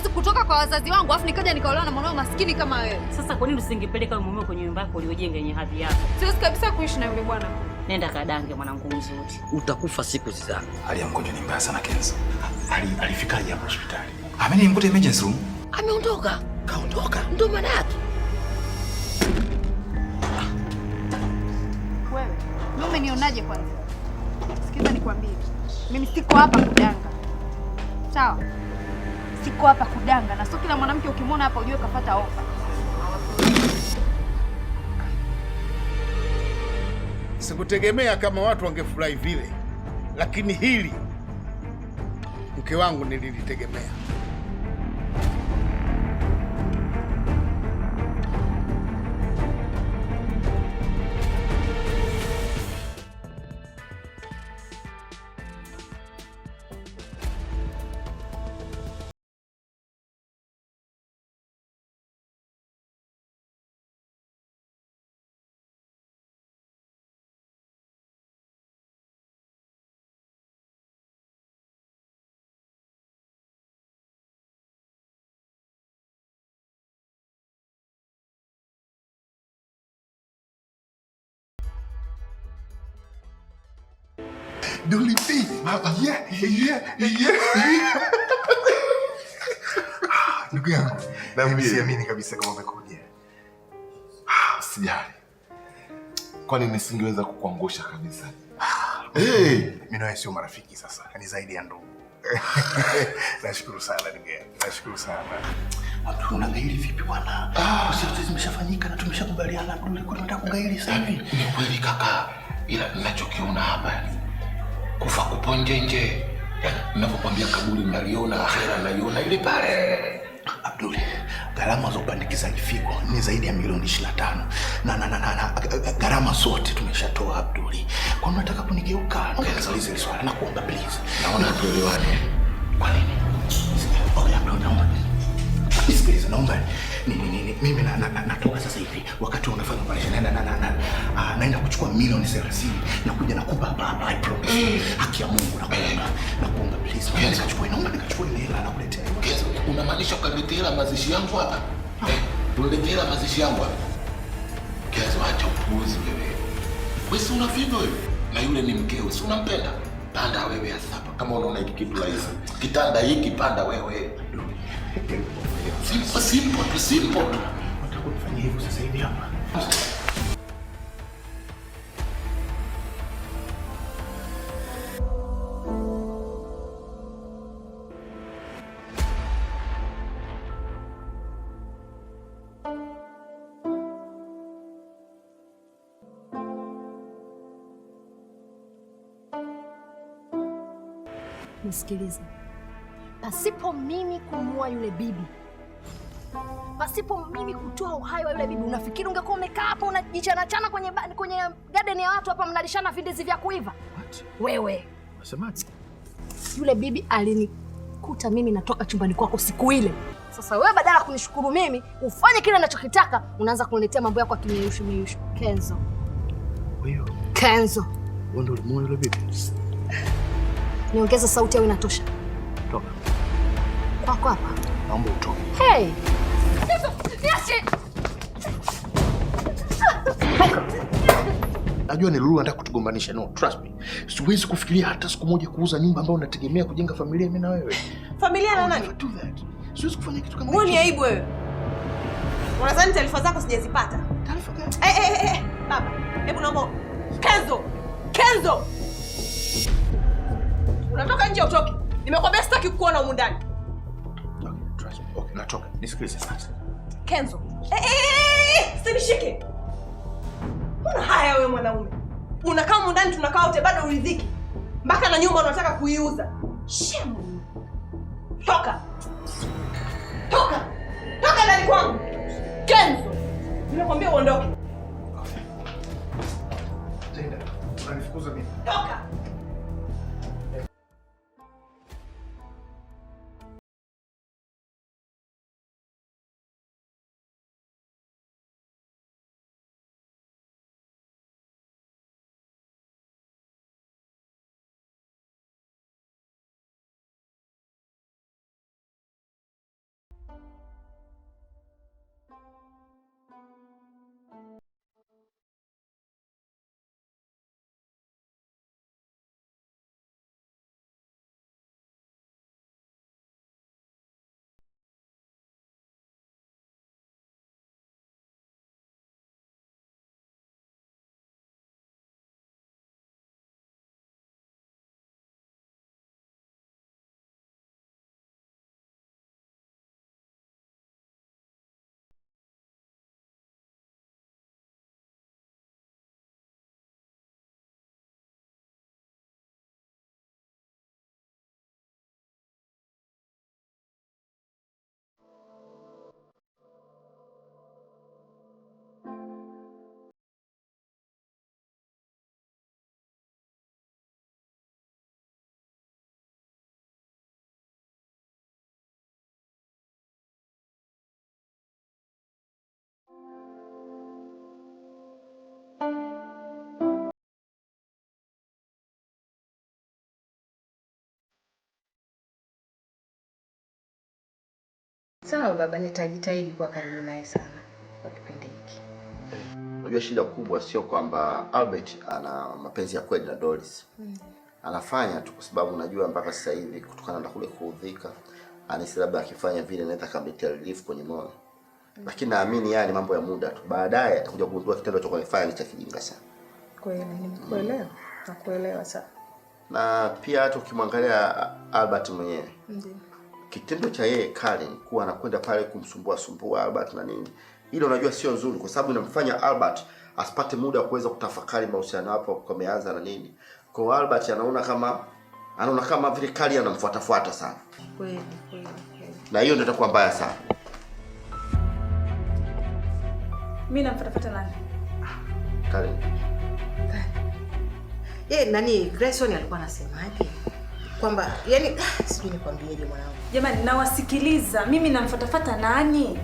siwezi kutoka kwa wazazi wangu afu nikaja nikaolewa na mwanao maskini kama wewe. Sasa kwa nini usingepeleka mume kwenye nyumba yako uliojenga yenye hadhi yako? Siwezi kabisa kuishi na yule bwana. Nenda kadange mwanangu mzuri. Utakufa siku zijazo. Hali ya mgonjwa ni mbaya sana Kenzo. Ali alifikaje hapo hospitali? Ameni mkute emergency room. Ameondoka. Kaondoka. Ndio maana yake. Ah. Wewe, mimi umenionaje kwanza? Sikiza nikwambie. Mimi siko hapa kudanga. Sawa? siko hapa kudanga, na sio kila mwanamke ukimwona hapa ujue kapata ofa. Sikutegemea kama watu wangefurahi vile, lakini hili mke wangu nililitegemea. Dolly B. Yeah, yeah, yeah. Ah, ndugu yangu, siamini kabisa kama umekuja. Ah, Sijali. Kwani nisingeweza kukuangusha kabisa. Hey, mimi nawe sio marafiki sasa, ni zaidi ya ndugu. Nashukuru sana ndugu yangu. Nashukuru sana. Abdul, unagairi vipi bwana? Usiku ah. zimeshafanyika na tumeshakubaliana Abdul, ulikuwa unataka kugairi sasa hivi. Ni kweli kaka. Ila ninachokiona hapa kufa kupo nje nje. Eh, Ninapokwambia kaburi naliona, akhera naliona ile pale. Abdul, gharama za upandikizaji figo ni zaidi ya milioni 25. Na na na na na gharama zote tumeshatoa Abdul. Kwa nini unataka kunigeuka? Nikamalize hizo swali na kuomba please. Naona tuelewane. Kwa nini? Okay, Abdul, naomba. Please, Please, naomba nini nini, mimi na, na, na, natoka sasa hivi, wakati unafanya operation na, na, na, na, ah, naenda kuchukua milioni 30 na kuja nakupa hapa hapa, I promise mm. Haki ya Mungu nakuomba, nakuomba please, yes. Nikachukua naomba nikachukua ile hela na kuletea. Yes. Unamaanisha ukaniletea hela mazishi yangu hapa ah. eh? hela mazishi yangu hapa? Kiasi acha upuuzi wewe, wewe si unafiga wewe, na yule ni mkeo, si unampenda? Panda wewe hapa, kama unaona hiki kitu rahisi, kitanda hiki panda wewe Simple, simple tu, simple tu. hivyo sasa hivi hapa. Nisikilize, pasipo mimi kumua yule bibi pasipo mimi kutoa uhai wa yule bibi. Unafikiri ungekuwa umekaa hapo unajichanachana kwenye kwenye garden ya watu hapa mnalishana vindizi vya kuiva? Wewe unasemaje? Yule bibi alinikuta mimi natoka chumbani kwako siku ile. Sasa wewe badala ya kunishukuru mimi ufanye kile ninachokitaka, unaanza kuniletea mambo yako ya kimeyushu meyushu. Kenzo, wewe Kenzo, wewe ndio ulimuona yule bibi? Niongeza sauti au inatosha? Toka kwako hapa naomba utoke. Hey! Niache! Najua ni Lulu anataka kutugombanisha. No, trust me. Siwezi kufikiria hata siku moja kuuza nyumba ambayo unategemea kujenga familia mimi na wewe. Familia na nani? Do that. Siwezi kufanya kitu kama hicho. Wewe ni aibu wewe. Unadhani taarifa zako sijazipata? Taarifa gani? Eh, eh, eh, eh, baba. Hebu naomba Kenzo. Kenzo. Unatoka nje utoke. Nimekwambia sitaki kukuona humu ndani. Toka nisikilize sasa. Kenzo, eh, eh, sinishike. Una haya wewe mwanaume, unakaa ndani tunakaa wote bado uridhiki, mpaka na nyumba unataka kuiuza. Shemu, toka toka toka ndani kwangu. Kenzo, nimekwambia uondoke. Tenda. mimi. Toka. Sawa baba, nitajitahidi kuwa karibu naye sana kwa kipindi hiki. Unajua shida kubwa sio kwamba Albert ana mapenzi ya kweli na Doris. Mm. Anafanya tu kwa sababu unajua mpaka sasa hivi kutokana na kule kuudhika, anahisi labda akifanya vile anaweza kumletea relief kwenye moyo. Mm. Lakini naamini yale ni mambo ya muda tu. Baadaye atakuja kugundua kitendo cha kufanya ni cha kijinga sana. Kweli, nimekuelewa. Mm. Nakuelewa sana. Na pia hata ukimwangalia Albert mwenyewe. Ndiyo. Mm kitendo cha yeye Karen kuwa anakwenda pale kumsumbua sumbua Albert na nini, hilo unajua sio nzuri, kwa sababu inamfanya Albert asipate muda wa kuweza kutafakari mahusiano hapo kumeanza na nini. Kwa Albert anaona kama anaona kama vile Karen anamfuatafuata sana, kweli kweli, na hiyo ndio itakuwa mbaya sana. Mimi namfuatafuta nani? Karen. Eh, nani Grayson alikuwa anasemaje? kwamba yani, ah, sijui nikwambieje mwanangu. Jamani, nawasikiliza mimi, namfatafata nani?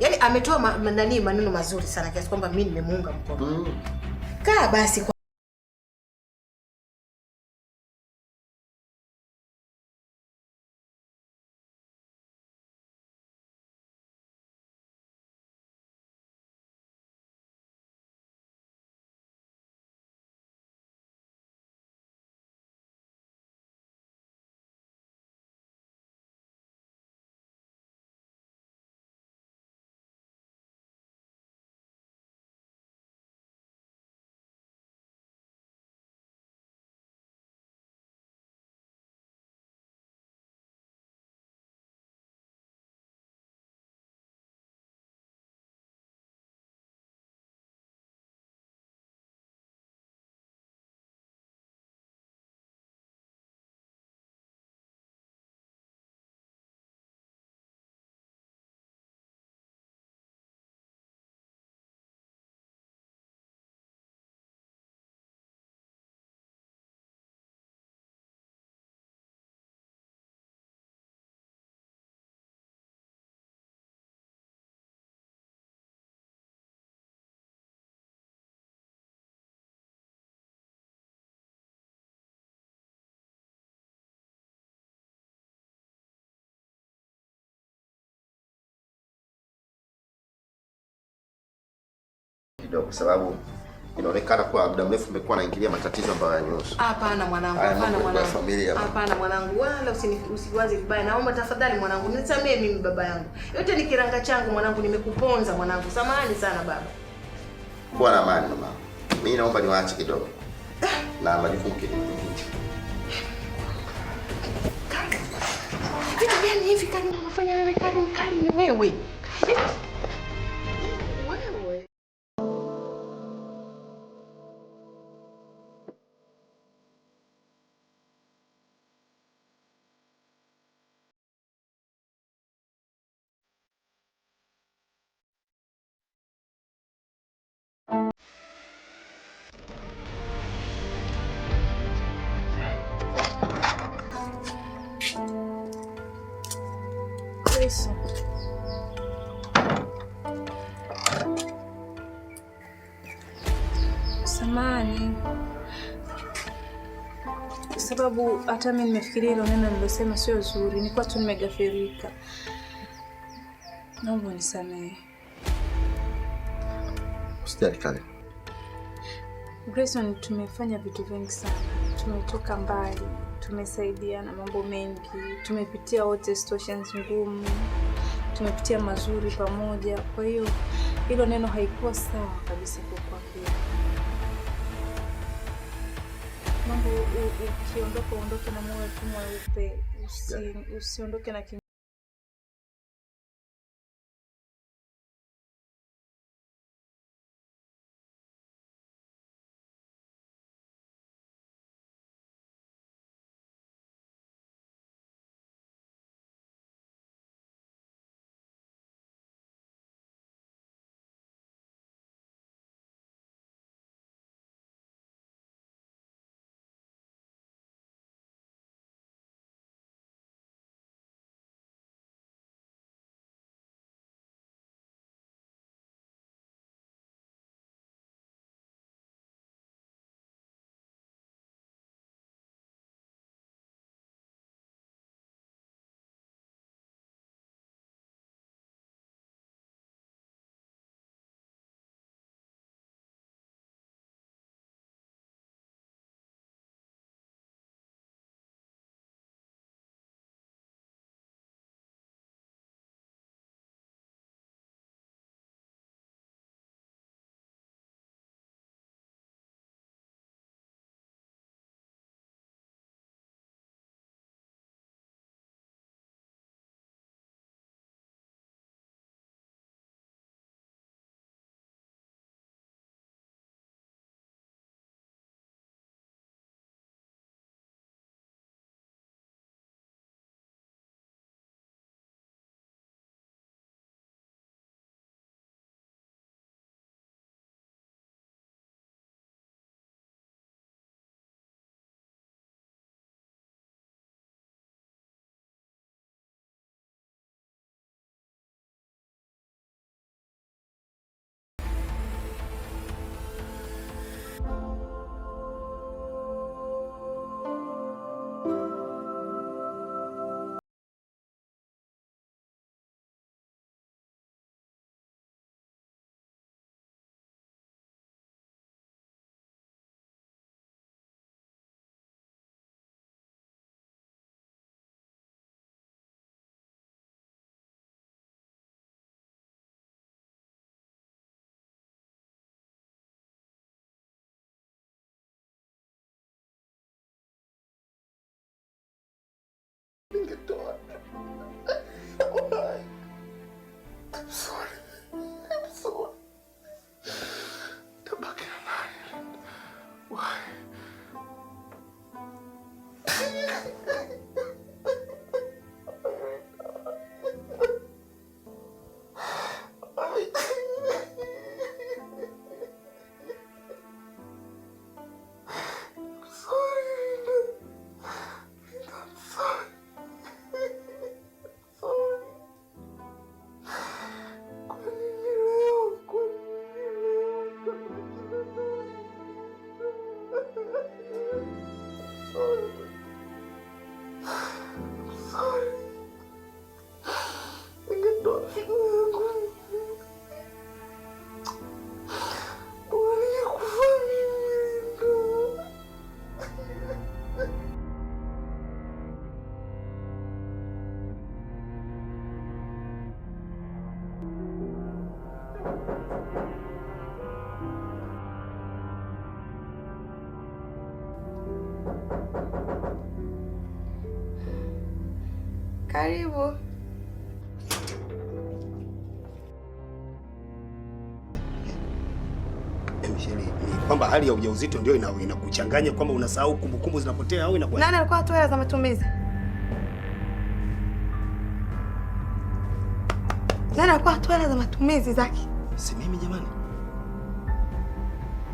yani ametoa ma, nani maneno mazuri sana kiasi kwamba mimi nimemuunga mkono. Mm. Kaa basi. kidogo, kwa sababu inaonekana kwa muda mrefu umekuwa naingilia matatizo ambayo yanihusu. Hapana mwanangu, hapana mwanangu, familia hapana mwanangu, wala usiwaze vibaya. Naomba tafadhali mwanangu, nisamee mimi baba yangu, yote ni kiranga changu mwanangu, nimekuponza mwanangu, samahani sana baba. Kuwa na amani mama, mimi naomba niwaache kidogo na majukumu kidogo. Hivi kani unafanya wewe, kani kani wewe amani, kwa sababu hata mimi nimefikiria hilo neno nilosema sio zuri, nilikuwa tu nimegafirika. Naomba nisamehe. Usijali kale. Grayson, tumefanya vitu vingi sana, tumetoka mbali, tumesaidia na mambo mengi, tumepitia wote situations ngumu, tumepitia mazuri pamoja. Kwa hiyo hilo neno haikuwa sawa kabisa kwa kwake. Mungu, ukiondoka uondoke na moyo mweupe, usiondoke na Karibu. Kwamba hali ya ujauzito ndio inakuchanganya kwamba unasahau kumbukumbu zinapotea au inakuwa. Nani alikuwa atoa hela za matumizi? Nani alikuwa atoa hela za matumizi zake? Si mimi jamani.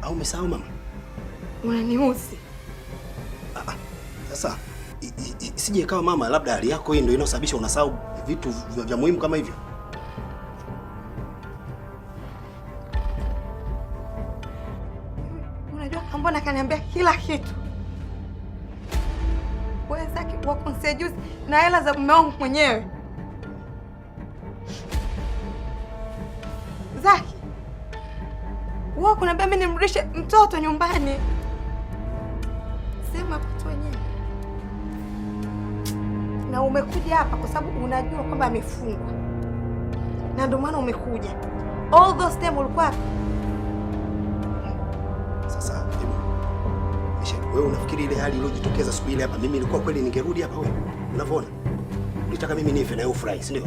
Au umesahau mama? Unanihusi. Ah, ah, sasa isije ikawa mama, labda hali yako hii ndio inayosababisha unasahau vitu vya muhimu kama hivyo. Unajua Kambona kaniambia kila kitu wezake wa na hela za mume wangu mwenyewe Zaki, wao kunambia mimi nimrudishe mtoto nyumbani. na umekuja hapa kwa sababu unajua kwamba amefungwa, na ndio maana umekuja. All those time ulikuwa Sasa wewe unafikiri ile hali iliyojitokeza siku ile hapa, mimi nilikuwa kweli ningerudi hapa? Wewe unavyoona, ulitaka mimi nife na wewe ufurahi, si ndio?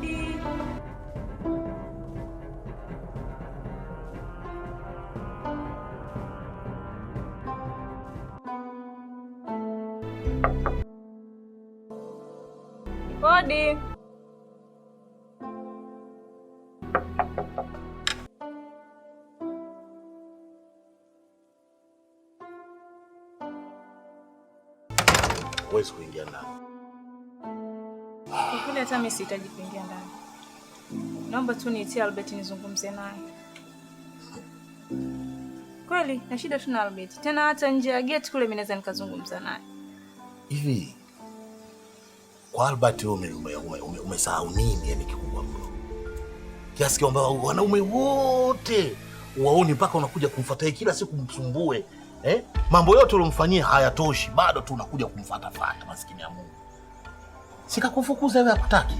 kurudi. Kodi. Huwezi kuingia ndani kweli hata mimi sihitaji kuingia ndani. Naomba tu niitie Albert nizungumze naye. Kweli na shida tu na Albert. Tena hata nje ya gate kule mimi naweza nikazungumza naye. Hivi kwa Albert wewe umesahau nini yani kikubwa mno? Kiasi kwamba wanaume wote waoni mpaka unakuja kumfuata kila siku msumbue. Eh? Mambo yote ulomfanyia hayatoshi, bado tu unakuja kumfuata fata maskini ya Mungu. Sikakufukuza wewe, hakutaki.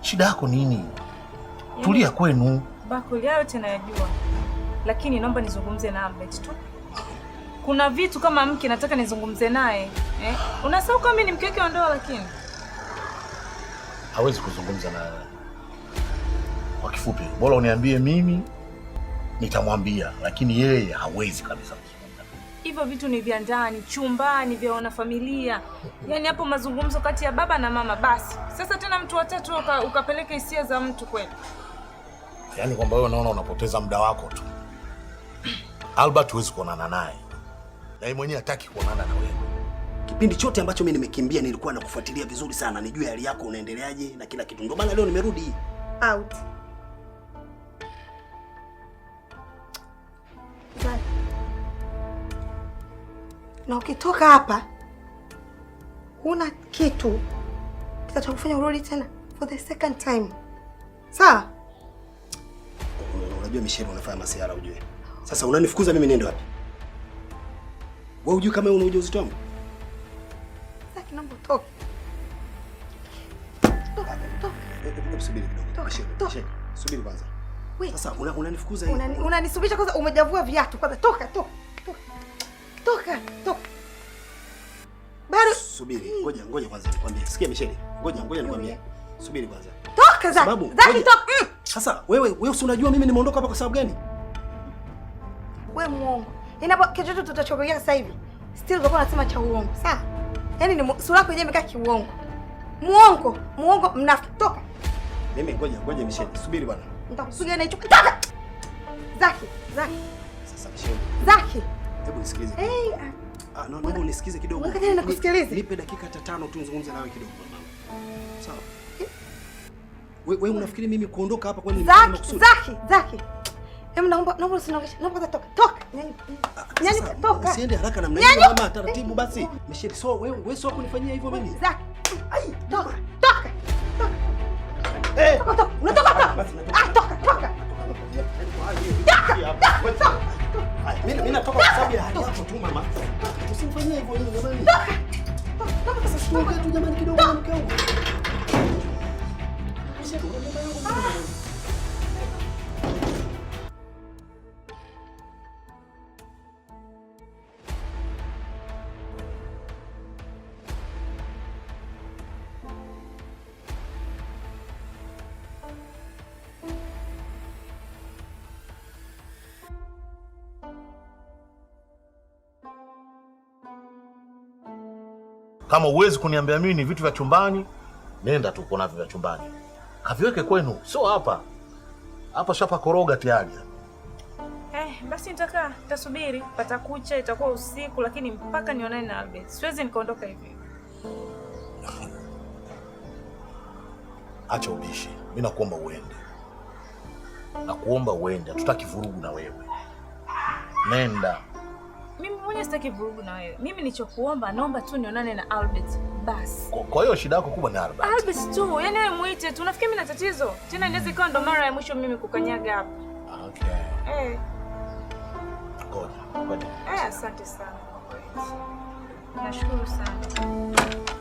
Shida yako nini? Tulia yaani, kwenu. Bakuli yote nayajua, lakini naomba nizungumze na Ambet tu. Kuna vitu kama mke nataka nizungumze naye eh? Unasahau kama mimi ni mke wake wa ndoa, lakini hawezi kuzungumza na. Kwa kifupi, bora uniambie mimi, nitamwambia, lakini yeye hawezi kabisa hivyo vitu ni vya ndani, chumbani, vya wanafamilia. Yaani hapo mazungumzo kati ya baba na mama basi. Sasa tena mtu watatu ukapeleka hisia za mtu kweli, yaani kwamba wewe unaona unapoteza muda wako tu. Albert huwezi kuonana naye, na yeye mwenyewe hataki kuonana na wewe. Kipindi chote ambacho mimi nimekimbia, nilikuwa nakufuatilia vizuri sana, nijue hali yako unaendeleaje na kila kitu. Ndio maana leo nimerudi out. na ukitoka hapa huna kitu kitachokufanya urudi tena for the second time, sawa? Unajua Michelle, unafanya masiara ujue. Sasa unanifukuza mimi niende wapi? Wewe ujue kama una ujauzito wangu? Sasa kinombo toka. Subiri kwanza. Sasa unanifukuza hivi. Unanisubisha kwanza umejavua viatu kwanza. Toka, toka. Toka, toka. Bado subiri, ngoja ngoja kwanza nikwambie. Sikia Michelle, ngoja ngoja nikwambie. Subiri kwanza. Toka za. Sababu, Zaki toka. Mm. Sasa wewe wewe si unajua mimi nimeondoka hapa kwa sababu gani? Wewe muongo. Inapo kitu tu tutachokiongea sasa hivi. Still utakuwa unasema cha uongo. Sawa? Yaani ni sura yako yenyewe imekaa kiuongo. Muongo, muongo mnafiki. Toka. Mimi ngoja ngoja Michelle, subiri bwana. Nitakupiga na hicho. Toka. Zaki, Zaki. Sasa Michelle. Zaki. Hebu nisikilize. Hey, ah, ah no, naomba unisikize kidogo. Nipe dakika hata tano tu nizungumze nawe kidogo. Sawa. Wewe eh? unafikiri mimi kuondoka hapa kwani ni makusudi? Zaki, Zaki. Hebu naomba naomba usinongeshe. Naomba ah, toka. Toka. Nyanyuka toka. Usiende haraka namna hiyo kama taratibu basi. Eh. Michelle, so wewe wewe sio kunifanyia hivyo mimi. Zaki. Ai, toka. Toka. Eh. Toka. Unatoka toka. Ah, toka, toka. Toka. Toka. Mimi natoka kwa sababu ya hali yako tu mama. Usimfanyie hivyo jamani. Sasa tu jamani kidogo mke wangu. Kama uwezi kuniambia mimi ni vitu vya chumbani, nenda tu uko navyo vya chumbani, kaviweke kwenu, sio hapa hapa. Shapa koroga tayari. Eh, basi nitakaa, nitasubiri patakucha, itakuwa usiku, lakini mpaka nionane na Albert siwezi nikaondoka hivi. Acha ubishi, mimi nakuomba uende, nakuomba uende, hatutaki vurugu na wewe, nenda. Mimi mwenyewe sitaki vurugu na wewe. Mimi nilichokuomba naomba tu nionane na Albert basi. Kwa hiyo shida yako kubwa ni Albert. Albert tu, yani wewe muite tu. Unafikiri mimi na tatizo? Tena inaweza ikawa ndo mara ya mwisho mimi kukanyaga hapa. Okay. Eh. Ngoja. Eh, asante sana. Nashukuru sana.